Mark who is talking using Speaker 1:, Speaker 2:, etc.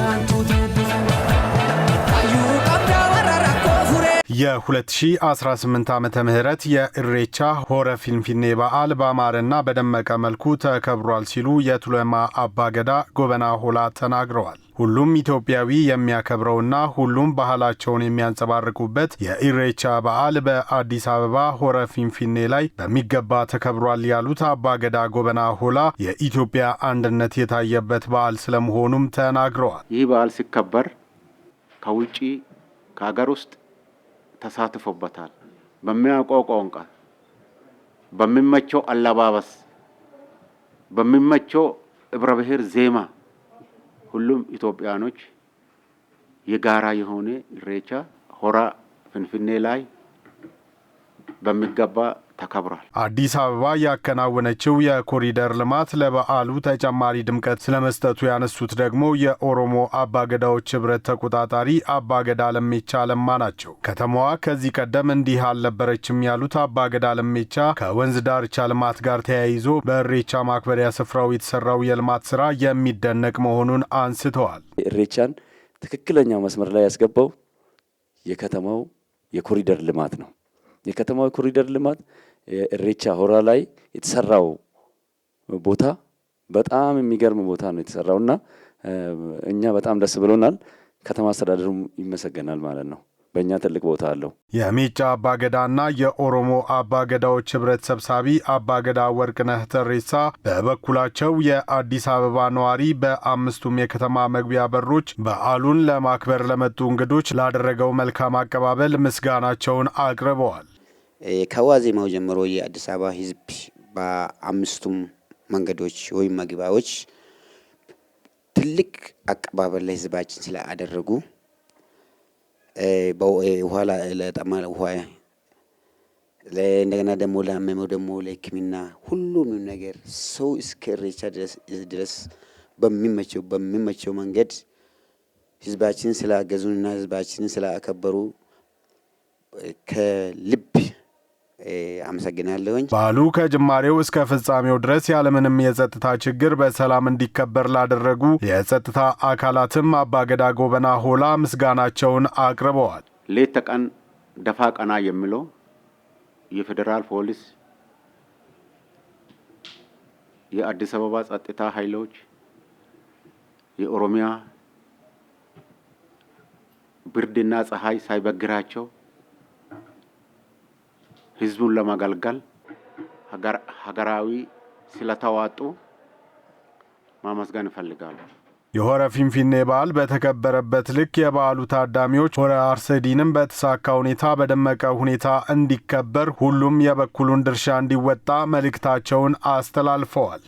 Speaker 1: on የ2018 ዓመተ ምህረት የኢሬቻ ሆረ ፊንፊኔ በዓል በአማረና በደመቀ መልኩ ተከብሯል ሲሉ የቱለማ አባገዳ ጎበና ሆላ ተናግረዋል። ሁሉም ኢትዮጵያዊ የሚያከብረውና ሁሉም ባህላቸውን የሚያንጸባርቁበት የኢሬቻ በዓል በአዲስ አበባ ሆረ ፊንፊኔ ላይ በሚገባ ተከብሯል ያሉት አባገዳ ጎበና ሆላ የኢትዮጵያ አንድነት የታየበት በዓል ስለመሆኑም ተናግረዋል።
Speaker 2: ይህ በዓል ሲከበር ከውጪ ከሀገር ውስጥ ተሳትፎበታል። በሚያውቀው ቋንቋ፣ በሚመቸው አለባበስ፣ በሚመቸው እብረ ብሔር ዜማ ሁሉም ኢትዮጵያኖች የጋራ የሆነ ኢሬቻ ሆራ ፍንፍኔ ላይ በሚገባ ተከብሯል።
Speaker 1: አዲስ አበባ ያከናወነችው የኮሪደር ልማት ለበዓሉ ተጨማሪ ድምቀት ስለመስጠቱ ያነሱት ደግሞ የኦሮሞ አባገዳዎች ህብረት ተቆጣጣሪ አባገዳ ለሜቻ ለማ ናቸው። ከተማዋ ከዚህ ቀደም እንዲህ አልነበረችም ያሉት አባገዳ ለሜቻ ከወንዝ ዳርቻ ልማት ጋር ተያይዞ በእሬቻ ማክበሪያ ስፍራው የተሰራው የልማት ስራ የሚደነቅ መሆኑን አንስተዋል።
Speaker 3: እሬቻን ትክክለኛ መስመር ላይ ያስገባው የከተማው የኮሪደር ልማት ነው። የከተማው የኮሪደር ልማት እሬቻ ሆራ ላይ የተሰራው ቦታ በጣም የሚገርም ቦታ ነው የተሰራው እና እኛ በጣም ደስ ብሎናል። ከተማ አስተዳደሩ ይመሰገናል ማለት ነው። በእኛ ትልቅ ቦታ አለው።
Speaker 1: የሚጫ አባገዳና የኦሮሞ አባገዳዎች ህብረት ሰብሳቢ አባገዳ ወርቅነህ ተሬሳ በበኩላቸው የአዲስ አበባ ነዋሪ በአምስቱም የከተማ መግቢያ በሮች በዓሉን ለማክበር ለመጡ እንግዶች ላደረገው መልካም አቀባበል ምስጋናቸውን አቅርበዋል።
Speaker 2: ከዋዜማው ጀምሮ የአዲስ አበባ ህዝብ በአምስቱም መንገዶች ወይም መግቢያዎች ትልቅ አቀባበል ለሕዝባችን ስላደረጉ ውሃ ለጠማ ውሃ እንደገና ደግሞ ላመመው ደግሞ ለሕክምና ሁሉም ነገር ሰው እስከ ሬቻ ድረስ በሚመቸው በሚመቸው መንገድ ህዝባችን ስላገዙንና ህዝባችን ስላከበሩ ከልብ አመሰግናለሁኝ።
Speaker 1: በዓሉ ከጅማሬው እስከ ፍጻሜው ድረስ ያለምንም የጸጥታ ችግር በሰላም እንዲከበር ላደረጉ የጸጥታ አካላትም አባገዳ ጎበና ሆላ ምስጋናቸውን አቅርበዋል።
Speaker 2: ሌት ተቀን ደፋ ቀና የሚለው የፌዴራል ፖሊስ፣ የአዲስ አበባ ጸጥታ ኃይሎች፣ የኦሮሚያ ብርድና ፀሐይ ሳይበግራቸው ህዝቡን ለማገልገል ሀገራዊ ስለተዋጡ ማመስገን ይፈልጋሉ።
Speaker 1: የሆረ ፊንፊኔ በዓል በተከበረበት ልክ የበዓሉ ታዳሚዎች ሆረ አርሰዲንም በተሳካ ሁኔታ በደመቀ ሁኔታ እንዲከበር ሁሉም የበኩሉን ድርሻ እንዲወጣ መልእክታቸውን አስተላልፈዋል።